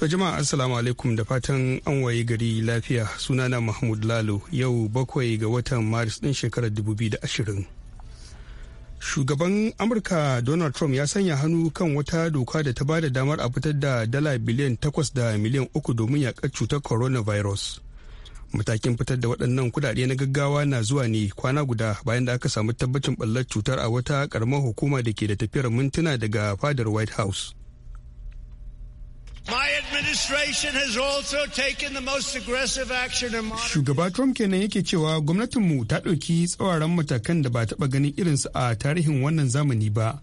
To jama'a assalamu alaikum da fatan an waye gari lafiya sunana Mahmud Lalo yau bakwai ga watan Maris ɗin shekarar 2020. Shugaban Amurka Donald Trump ya sanya hannu kan wata doka da ta bada damar a fitar da dala biliyan takwas da miliyan uku domin yaƙar cutar coronavirus. Matakin fitar da waɗannan kudade na gaggawa na zuwa ne kwana guda bayan da aka samu tabbacin ɓallar cutar a wata ƙaramar hukuma da ke da tafiyar mintuna daga fadar White House. Shugaba Trump kenan yake cewa gwamnatinmu ta ɗauki tsawaran matakan da ba taɓa ganin irinsu a tarihin wannan zamani ba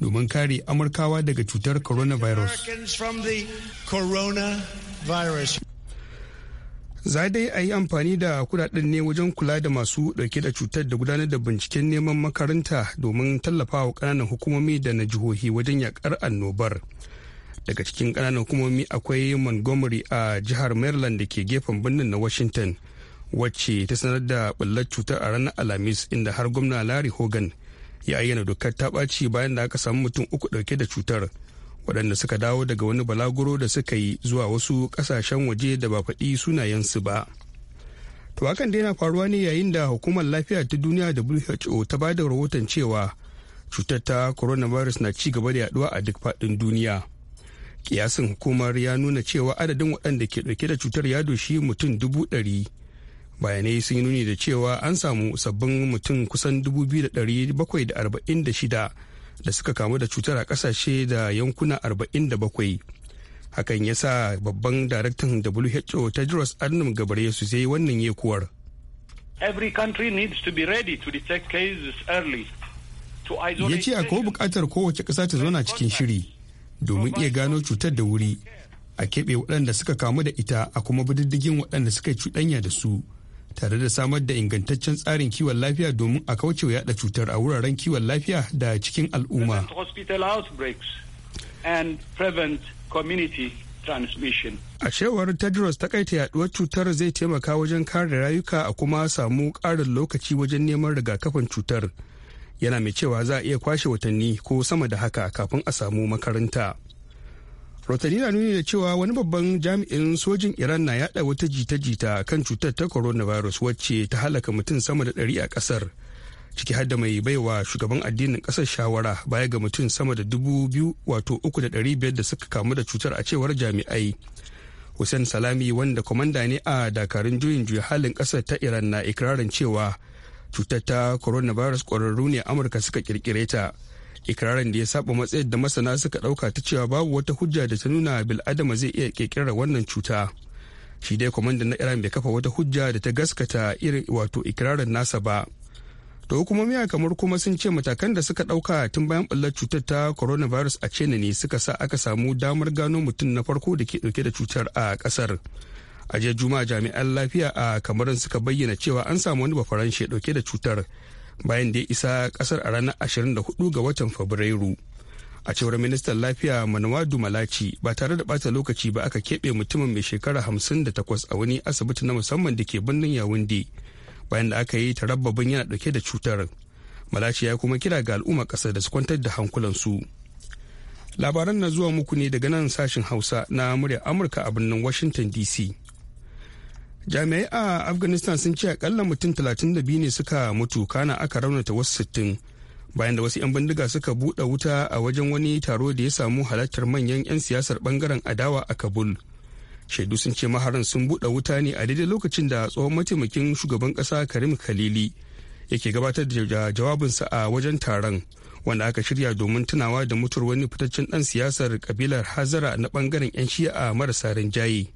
domin kare Amurkawa daga cutar coronavirus. Za dai a yi amfani da kudaden ne wajen kula da masu ɗauke da cutar da gudanar da binciken neman makaranta domin tallafawa ƙananan hukumomi da na jihohi wajen yaƙar annobar. daga cikin ƙananan hukumomi akwai montgomery a jihar maryland da ke gefen birnin na washington wacce ta sanar da bullar cutar a ranar alhamis inda har gwamna larry hogan ya ayyana dokar ta ɓaci bayan da aka samu mutum uku ɗauke da cutar waɗanda suka dawo daga wani balaguro da suka yi zuwa wasu ƙasashen waje da ba faɗi sunayensu ba to hakan dai na faruwa ne yayin da hukumar lafiya ta duniya who ta ba da rahoton cewa cutar ta coronavirus na ci gaba da yaduwa a duk faɗin duniya. kiyasin hukumar ya nuna cewa adadin waɗanda ke ɗauke da cutar ya doshi mutum dubu ɗari bayanai sun yi nuni da cewa an samu sabbin mutum kusan dubu biyu da ɗari bakwai da arba'in da shida da suka kamu da cutar a ƙasashe da yankuna arba'in da bakwai hakan ya sa babban daraktan who tedros adnum ya zai wannan yekuwar every country needs to be ready to detect cases early ya ce akwai bukatar kowace ƙasa ta zauna cikin shiri domin iya gano cutar da wuri a keɓe waɗanda suka kamu da ita a kuma bididdigin waɗanda suka cuɗanya da su tare da samar da ingantaccen tsarin kiwon lafiya domin a kauce wa yaɗa cutar a wuraren kiwon lafiya da cikin al'umma. A cewar Tedros ta takaita yaduwar cutar zai taimaka wajen kare rayuka a kuma samu ƙarin lokaci wajen neman rigakafin cutar. yana mai cewa za a iya kwashe watanni ko sama da haka kafin a samu makaranta rotani na nuni da cewa wani babban jami'in sojin iran na yada wata jita-jita kan cutar ta coronavirus wacce ta halaka mutum sama da ɗari a ƙasar ciki har mai baiwa shugaban addinin ƙasar shawara baya ga mutum sama da dubu biyu wato uku da ɗari biyar da suka kamu da cutar a cewar jami'ai hussein salami wanda kwamanda ne a dakarun juyin juya halin ƙasar ta iran na ikirarin cewa cutar ta coronavirus kwararru ne amurka suka kirkire ta ikirarin da ya saba matsayin da masana suka dauka ta cewa babu wata hujja da ta nuna bil'adama zai iya kirkirar wannan cuta shi dai kwamandan na iran bai kafa wata hujja da ta gaskata irin wato ikirarin nasa ba To hukumomi a kamar kuma sun ce matakan da suka dauka tun bayan bullar cutar ta coronavirus a china ne suka sa aka samu damar gano mutum na farko da ke dauke da cutar a kasar a jiya juma'a jami'an lafiya a kamarin suka bayyana cewa an samu wani shi dauke da cutar bayan da ya isa kasar a ranar 24 ga watan fabrairu a cewar ministan lafiya manawadu malachi ba tare da bata lokaci ba aka keɓe mutumin mai shekara hamsin da takwas a wani asibiti na musamman da ke birnin yawundi bayan da aka yi tarabbabin yana dauke da cutar malaci ya kuma kira ga al'umma ƙasar da su kwantar da hankulansu labaran na zuwa muku ne daga nan sashen hausa na muryar amurka a birnin washington dc jami'ai a afghanistan sun ce akalla mutum 32 ne suka mutu kana aka raunata wasu sittin bayan da wasu 'yan bindiga suka buɗe wuta a wajen wani taro da ya samu halartar manyan 'yan siyasar bangaren adawa a kabul shaidu sun ce maharan sun buɗe wuta ne a daidai lokacin da tsohon mataimakin shugaban ƙasa karim khalili yake gabatar da jawabinsa a wajen taron wanda aka shirya domin tunawa da mutuwar wani fitaccen ɗan siyasar kabilar hazara na bangaren 'yan shi'a marasa rinjaye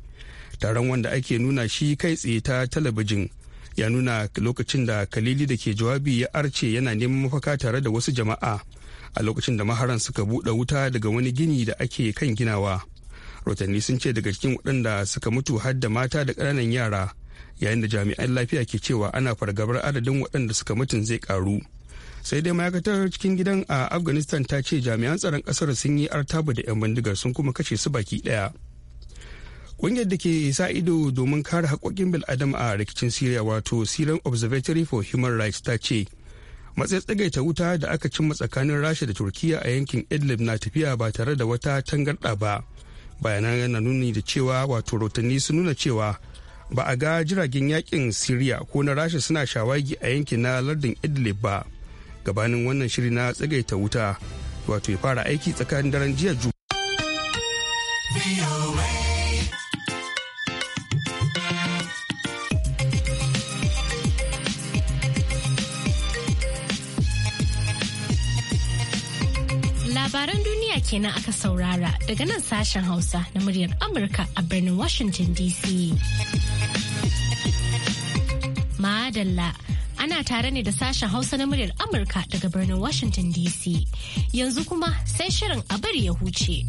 taron wanda ake nuna shi kai tsaye ta talabijin ya nuna lokacin da kalili da ke jawabi ya arce yana neman mafaka tare da wasu jama'a a lokacin da maharan suka buɗe wuta daga wani gini da ake kan ginawa rotanni sun ce daga cikin waɗanda suka mutu har da mata da ƙananan yara yayin da jami'an lafiya ke cewa ana fargabar adadin waɗanda suka mutu zai karu sai dai ma'aikatar cikin gidan a afghanistan ta ce jami'an tsaron ƙasar sun yi artaba da 'yan bindigar sun kuma kashe su baki ɗaya Ƙungiyar da ke sa ido domin kare haƙoƙin bil'adama a rikicin syria wato Syrian Observatory for Human Rights ta ce matsayi tsagaita wuta da aka cimma tsakanin Rasha da Turkiya a yankin Idlib na tafiya ba tare da wata tangarɗa ba. Bayanan yana nuni da cewa wato rotanni sun nuna cewa ba a ga jiragen yakin syria ko na Rasha suna shawagi a yankin na lardin Idlib ba. Gabanin wannan shiri na tsagaita wuta wato ya fara aiki tsakanin daren jiya kenan aka saurara daga nan sashen Hausa na muryar Amurka a birnin Washington DC. Madalla ana tare ne da sashen Hausa na muryar Amurka daga birnin Washington DC. Yanzu kuma sai shirin a bari ya huce.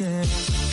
again.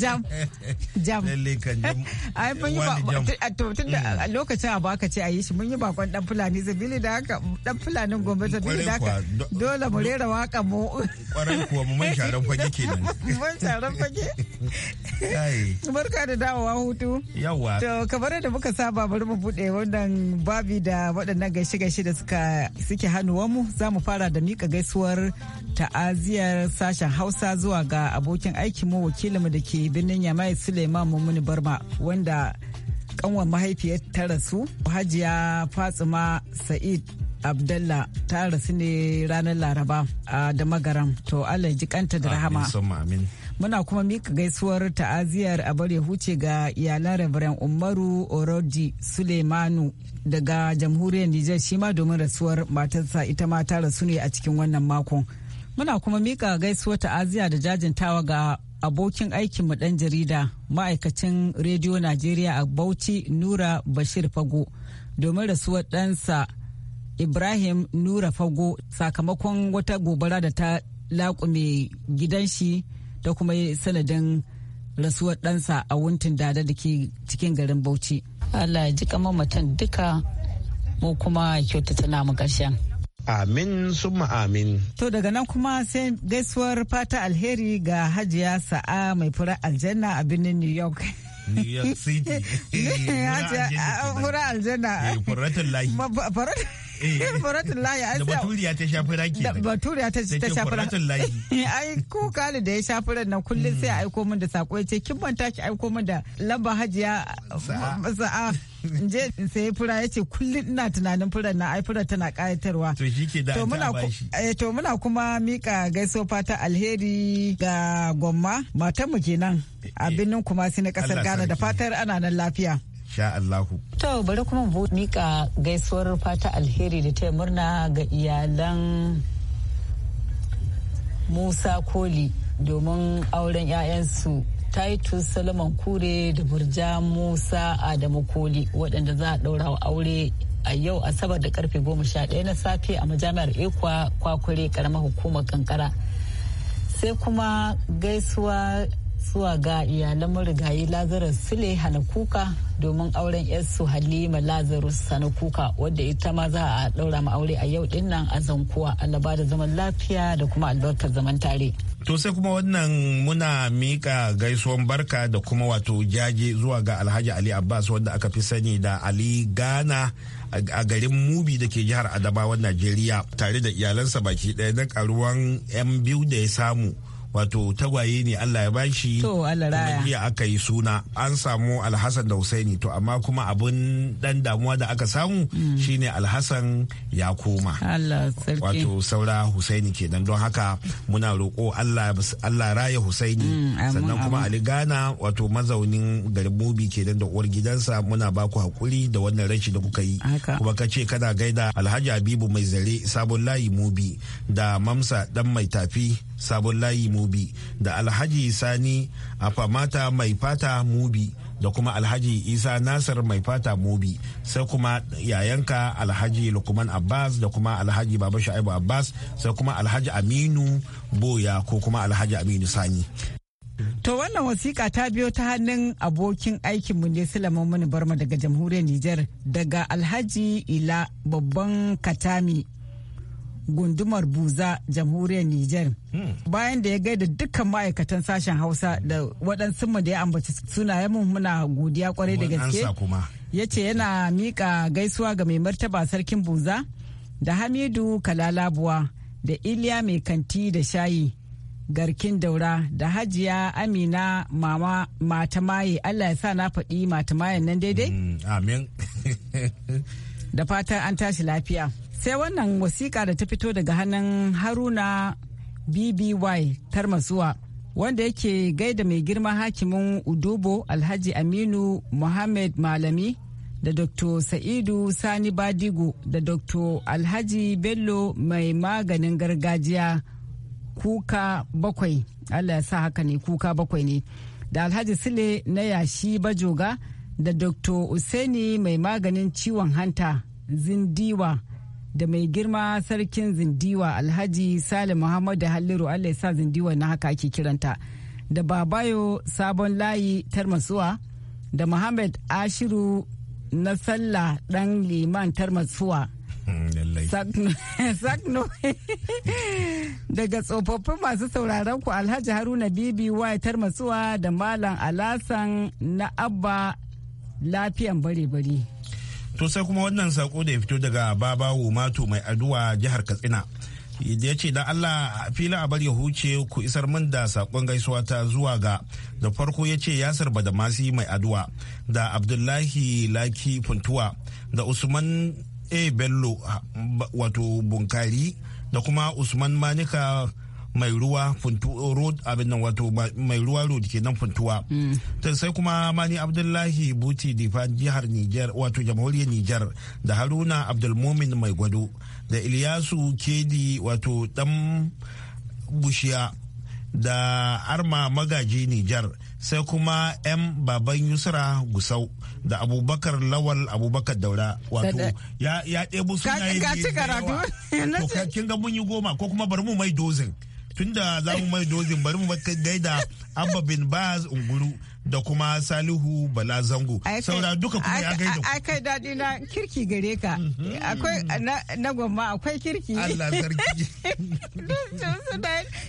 ya. jam lalle kan jam ai mun yi to tun da mm. lokacin abu aka ce a yi shi mun yi bakon dan fulani zabili da haka dan fulanin gombe zabili da haka dole mu rera waka mu kwarai kuwa mu mun sharan fage kenan mun sharan fage barka da dawowa hutu yawa to kamar da muka saba bari mu bude wannan babi da waɗannan gaishe-gaishe da suka suke hannuwanmu za mu fara da mika gaisuwar ta'aziyar sashen hausa zuwa ga abokin aikinmu wakilinmu da ke birnin yamai suleiman Sulaiman Mummuni Barma wanda kanwar mahaifiyar ta rasu Hajiya Fatsima Sa'id Abdallah ta rasu ne ranar Laraba a Damagaram to Allah ji kanta da rahama. Muna kuma mika gaisuwar ta'aziyar a bare huce ga iyalan Rabaran Umaru Orodi Suleimanu daga jamhuriyar Nijar shi ma domin rasuwar matarsa ita ma ta rasu ne a cikin wannan makon. Muna kuma mika gaisuwar ta'aziya da jajintawa ga abokin aikinmu ɗan jarida ma'aikacin rediyo najeriya a bauchi nura bashir fago domin rasuwar ɗansa ibrahim nura fago sakamakon wata gobara da ta laƙume gidan shi da kuma sanadin rasuwar ɗansa a wuntin dada da ke cikin garin bauchi allah ya ji kama mutan duka mu kuma kyautata namu ƙarshen Amin summa amin. To daga nan kuma sai gaisuwar fata alheri ga Hajiya Sa'a mai fura aljanna a birnin New York. New York City. Fura aljanna. Eh, Furatun layi. Furatun eh. layi. Da baturiya ta sha fura ke. Da baturiya ta sha fura. Furatun layi. Ai ko kali da ya sha fura nan kullum sai a hmm. aiko min da sako ya ce kin manta ki aiko min da lamba hajiya sa'a. in je in sayi fura ya ce kullum ina tunanin fura na ai fura tana kayatarwa to shi ke da to eh, muna kuma mika gaiso fata alheri ga gomma matan mu kenan eh, a eh. birnin kumasi na kasar ghana da fatar ana nan lafiya sha To bari kuma mu mika gaisuwar fata alheri da ta murna ga iyalan Musa Koli domin auren 'ya'yansu titus solomon kure da burja musa adamu koli waɗanda za a ɗaura wa aure a yau asabar da karfe goma sha ɗaya na safe a majami'ar ekwa kwakware karamar hukumar kankara sai kuma gaisuwa zuwa ga iyalan marigayi lazarus sule hanakuka domin auren yarsu halima lazarus Sanakuka wadda ita ma za a daura ma aure a yau din nan a zankuwa alaba da zaman lafiya da kuma albarkar zaman tare to sai kuma wannan muna mika gaisuwan barka da kuma wato jaje zuwa ga alhaji ali abbas wanda aka fi sani da ali ghana a garin mubi da ke jihar adabawan najeriya tare da iyalansa baki ɗaya na karuwan yan biyu da ya samu wato tagwaye ne Allah ya bashi kuma jiya aka yi suna an samu alhassan da husaini to amma kuma abin dan damuwa da aka samu mm. shine alhassan ya koma wato saura husaini kenan don haka muna roƙo Allah raya husaini mm, sannan kuma ali gana wato mazaunin garin mubi kenan da uwar gidansa muna baku hakuri da wannan rashi da kuka yi kuma ka ce kana gaida alhaji habibu mai zare sabon layi mubi da mamsa dan mai tafi sabon layi mubi da alhaji sani a mai fata mubi da kuma alhaji isa nasir mai fata mubi sai kuma yayanka alhaji lukman abbas da kuma alhaji baba sha'ibu abbas sai kuma alhaji aminu boya ko kuma alhaji aminu sani To wannan wasiƙa ta biyo ta hannun abokin aikinmu ne Sulaiman Mani Barma daga jamhuriyar Nijar daga Alhaji Ila babban Katami gundumar buza jamhuriyar Nijar. Hmm. bayan da ya gaida dukkan ma'aikatan sashen hausa da waɗansu mu da ya ambaci sunayen mu muna godiya kwarai da gaske ya ce yana miƙa gaisuwa ga mai martaba sarkin buza da hamidu kalalabuwa da iliya mai kanti da shayi garkin daura da hajiya amina mama mata maye allah ya sa na faɗi mata mayen nan daidai hmm, da fatan an tashi lafiya sai wannan wasiƙa da ta fito daga hannun haruna bby tarmasuwa wanda yake gaida mai girma hakimin udubo alhaji aminu muhammad malami da dr sa'idu sani badigo da dr alhaji bello mai maganin gargajiya kuka bakwai allah ya sa haka ne kuka bakwai ne da alhaji sile na yashi bajoga da dr useni mai maganin ciwon hanta zindiwa da mai girma sarkin zindiwa alhaji muhammad muhammadu halliru allah ya sa zindiwa na haka ake kiranta da babayo sabon layi tarmasuwa da muhammad ashiru na sallah dan liman tarmasuwa hmm, sakno daga tsofaffin masu sauraron ku alhaji haruna bibi waya tarmasuwa da malam alasan na abba lafiyan bare-bare to sai kuma wannan sako da ya fito daga babawo mato mai aduwa jihar katsina ya ce da Allah fila a bar ya huce ku isar min da sakon gaisuwa ta zuwa ga da farko ya ce da masi mai addu'a da abdullahi laki funtuwa da usman a bello wato bunkari da kuma usman manika mai ruwa funtu road abin nan wato mai ruwa road kenan funtuwa mm. ta sai kuma mani abdullahi buti difa jihar niger wato jamhuriyar niger da haruna abdulmumin mai gwado da iliyasu kedi wato dan bushiya da arma magaji niger sai kuma M baban yusra gusau da abubakar lawal abubakar daura wato ya ɗebo suna yi kin ga mun yi goma ko kuma bari mu mai dozin tunda za mu mai dozin bari mu gaida abba bin baz unguru da kuma Salihu Bala Zango. saboda duka kuma ya gaida ku. Akai dadi na kirki gare ka. Mhm. Akwai na gwamma akwai kirki. Allah sarki.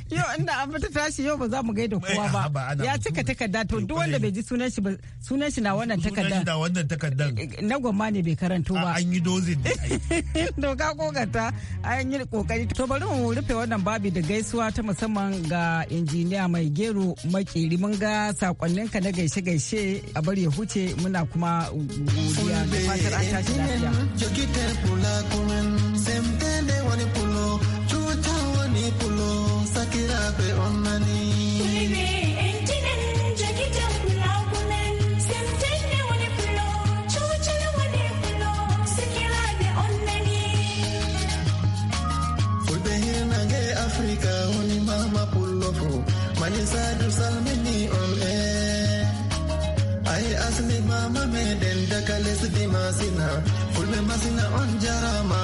Yau inda an fita tashi yau ba za mu gaida kowa ba. Ya cika takarda to duk wanda bai ji sunan shi ba sunan shi na wannan takarda. Sunan shi na wannan takarda. Eh, eh, na gwamma ne bai karanto ba. An yi dozin ne. Doka kokarta an yi kokari. To bari mu rufe wannan babi da gaisuwa ta musamman ga injiniya mai gero makeri mun ga sakonninka na gaishe-gaishe a bari ya huce muna kuma godiya da fatar an tashi lafiya. تكلس دماسنا فل بمسنا عن جرما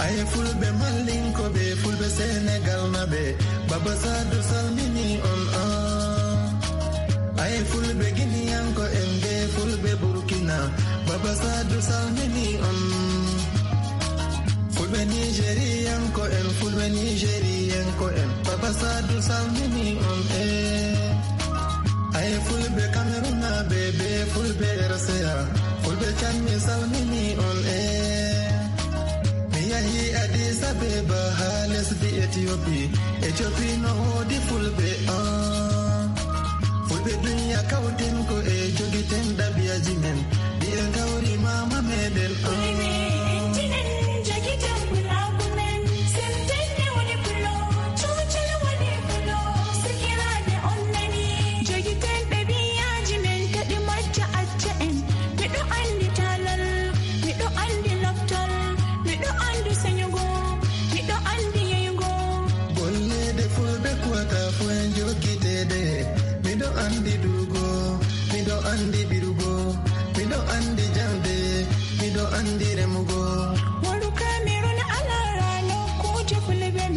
أي فل بمالين كوبي فل بسنغال نبي بابا سادو سالميني أن أي فل بجنيان كو إنجي فل ببوركينا بابا سادو سالميني أن fulbe nigerian ko en fulbe nigerian ko en papa sadu salmini on e sal mini on air. Me yahi Addis Ababa, halas the Ethiopia. Ethiopia no hodi fulbe on. Fulbe dunya kautin ko e jogiten da biya jinen. Dia kauri mama medel on.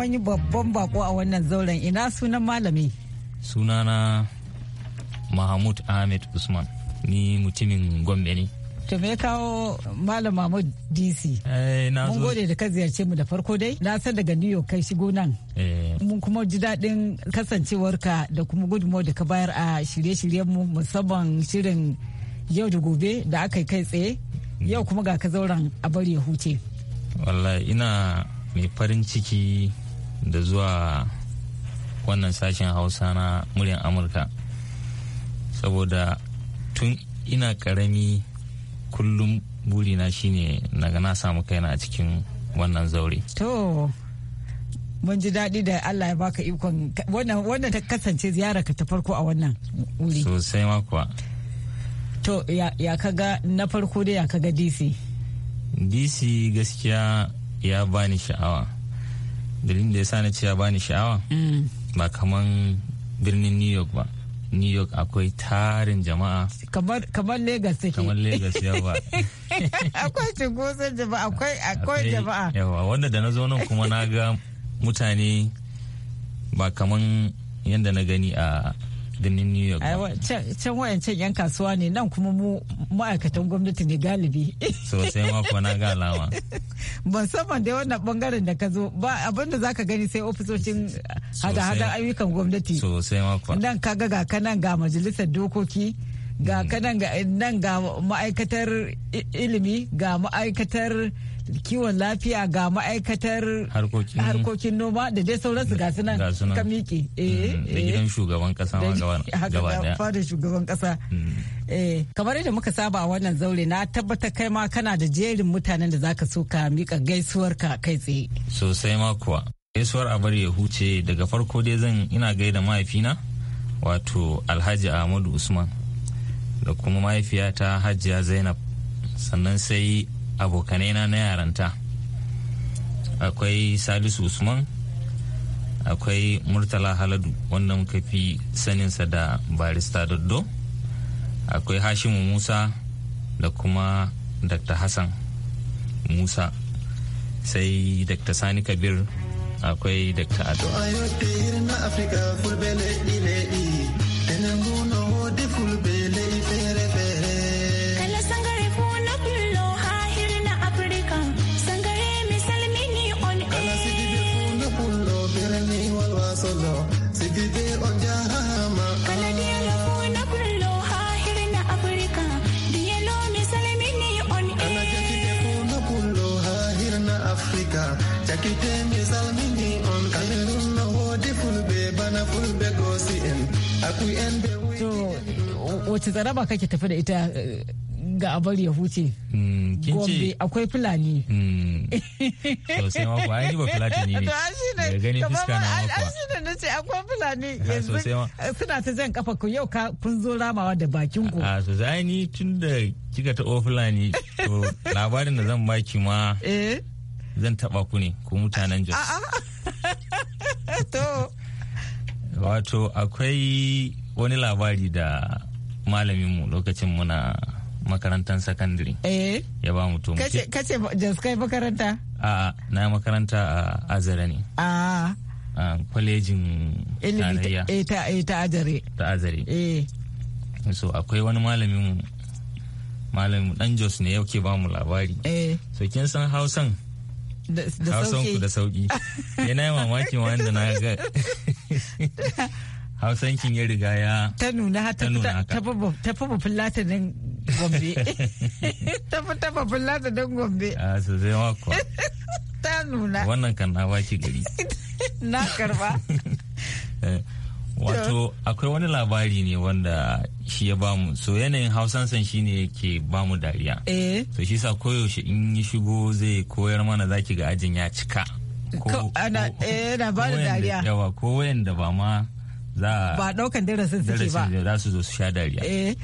mun yi babban bako a wannan zauren ina sunan malami sunana mahmud ahmed usman ni mutumin gombe ne to me kawo malam mahmud dc eh, mun gode da ka ziyarce mu da farko dai na san daga new york kai shigo nan eh. mun kuma ji daɗin kasancewarka da kuma gudunmawar da ka bayar a shirye shiryen mu musamman shirin yau da gobe da aka yi kai tsaye yau kuma ga ka zauren a bari ya huce wallahi ina mai farin ciki da zuwa wannan sashen hausa na muryan amurka saboda tun ina karami kullum burina shine naga na samu kaina a cikin wannan zaure to mun ji daɗi da Allah ya baka ikon wannan ta kasance ziyararka ka ta farko a wannan wuri sosai ma to ya kaga na farko da ya kaga dc dc gaskiya ya bani sha'awa dalilin da ya sa na cewa bani sha'awa mm. ba kaman birnin new york ba new york akwai tarin jama'a kamar lagos take kamar lagos yawa akwai cunkoson jama'a akwai akwai jama'a yawa wanda da na zo nan kuma na ga mutane ba kaman yadda na gani a birnin new york can wayancan yan kasuwa ne nan kuma mu ma'aikatan gwamnati ne galibi sosai mako na ga alama ban saman da wannan bangaren da ka zo ba abinda za ka gani sai ofisoshin hada-hada ayyukan gwamnati sosai mako nan ka ga ka nan ga majalisar dokoki ga ka hmm. nan ga ma'aikatar ilimi ga ma'aikatar kiwon lafiya ga ma'aikatar harkokin noma da dai sauransu ga sunan ka miƙe eh, mm, da eh. gidan shugaban kasa ma gaba shugaban kasa mm. eh, kamar yadda muka saba a wannan zaure na tabbatar kai ma kana da jerin mutanen da zaka so ka mika gaisuwar ka kai tsaye sosai ma kuwa gaisuwar a bari ya huce daga farko dai zan ina gaida mahaifina wato alhaji ahmadu usman da kuma mahaifiyata hajiya zainab sannan sai abokanaina na yaranta akwai salisu usman akwai murtala haladu wanda muka fi saninsa da barista doddo akwai hashimu musa da kuma dr hassan musa sai dr sani kabir akwai dr ado wace tsaraba kake tafi da ita eh, ga abar ya huce. Hmm, Gombe akwai Fulani. Sosai hmm, mako, ai ba Fulani ne. Da gani fuska na mako. Ai shi na ce akwai Fulani yanzu eh, suna ta zan kafa ku yau ka kun zo ramawa da bakin ku. A ah, sosai ai ni tun da kika taɓo Fulani to labarin da zan baki ma eh? zan taɓa ku ne ko mutanen Jos. To. wato akwai wani labari da malaminmu lokacin muna makarantar sakandare eh? ya ba mutum kace jaskai makaranta a na makaranta a azare ne a kwalejin tarayya eh, ta eh azare eh. so akwai wani malamin malamin dan jos ne ke ba mu labari so kin san hausan da sauki hausan ku da sauki yana mamakin wanda na ga hausankin ya riga ya ta nuna ta ta fi bafin latinin gombe ta fi ta bafin latinin gombe a ah, sosai wako ta nuna wannan kan na waki gari na karba eh, wato akwai wani labari ne wanda shi ya bamu so yanayin san shi ne ke bamu dariya eh. so shi sa koyaushe in yi shigo zai koyar mana zaki ga ajin ya cika ko ana eh, ba da dariya yawa ko wayanda ba ma za ba daukan darasin suke ba za su zo su sha dariya eh.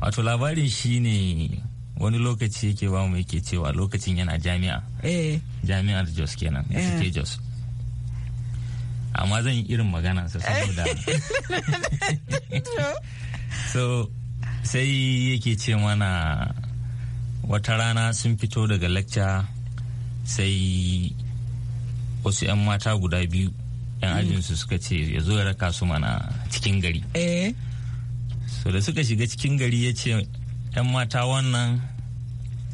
wato labarin shine wani lokaci yake ba mu yake cewa lokacin yana jami'a eh. jami'ar jos kenan suke jos amma zan yi irin magana sa saboda so sai yake ce mana wata rana sun fito daga lacca sai wasu 'yan mata guda biyu 'yan mm. ajinsu suka ce ya zo ya raka su mana cikin gari eh. so da suka shiga cikin gari ya ce 'yan mata wannan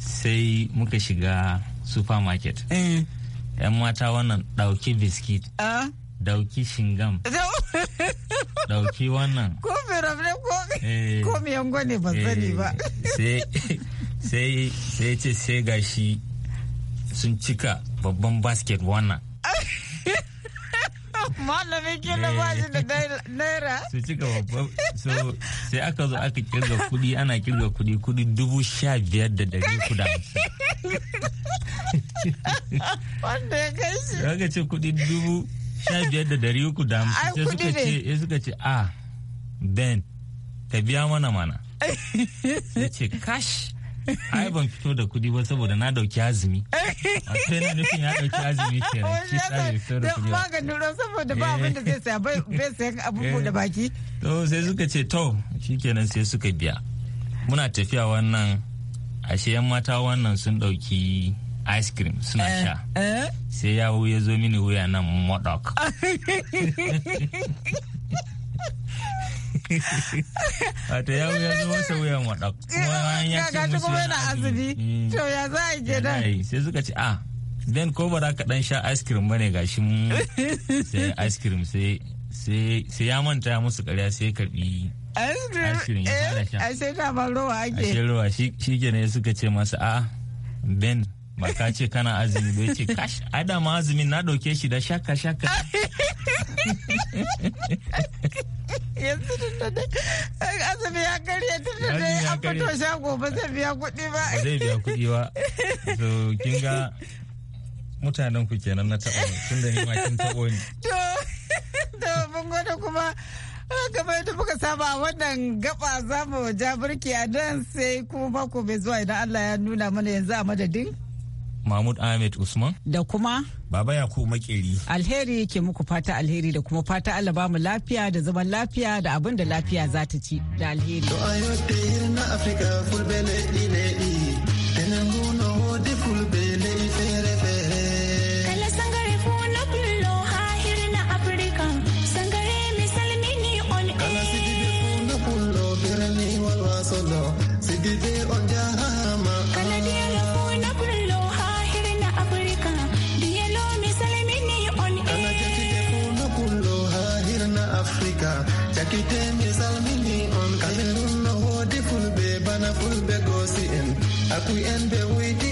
sai muka shiga supermarket 'yan eh. mata wannan ɗauki biskit dauki shingam dauki wannan ko firafne ko miyango eh. ne ba sani ba sai ce sai gashi sun cika babban basket wannan malamin kila ba shi da naira su ci gaba so sai aka zo aka kirga kudi ana kirga kudi kudi dubu sha biyar da dari kuda wanda ya kai shi aka ce kudi dubu sha biyar da dari uku Ai kudi ne. ce suka ce a ben ka biya mana mana sai ce kash ai ban fito da kudi ba saboda na dauki azumi a sai na nufin ya dauki azumi ke shi sai fito da kudi ba ga duro saboda ba abin da zai saya bai sayan abubuwa eh. da baki to sai suka ce to shikenan sai suka biya muna tafiya wannan ashe yan mata wannan sun dauki ice cream suna eh, sha eh? sai yawo ya zo mini wuya nan modok Wato ya wuya zo masa wuyan waɗa. Kuma ya ce musu na azumi. Mm. To ya za a ke nan. Sai suka ce a ah, den ko ba za ka dan sha ice cream bane gashi mu sai ice cream sai sai ya manta musu ƙarya sai karbi ice cream ya fara sha. Eh, Ashe kamar rowa ake. Ashe shi shi kenan suka ce masa a ah, ben ba ka ce kana azumi bai ce kash adama azumin na dauke shi da shaka shaka yanzu tun da dai azumi ya karye tun da dai an fito shago ba zai biya kuɗi ba ba zai biya kuɗi ba so kin ga mutanen ku kenan na taɓa tun da ni ma kin taɓo ni to to mun gode kuma ah, kamar yadda muka saba a wannan gaba za mu ja birki a nan sai kuma mako bai zuwa idan Allah ya nuna mana yanzu a madadin Mahmud Ahmed Usman. Da kuma? Baba Yakubu Makeri. Alheri ke muku fata alheri da kuma fata Allah ba mu lafiya da zaman lafiya da abin da lafiya za ta ci da alheri. ekkite mi salmini on kamin ɗum no woodi bana fulɓe goosi en akuy en ɓe wuydi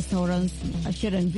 Restaurants, sauransu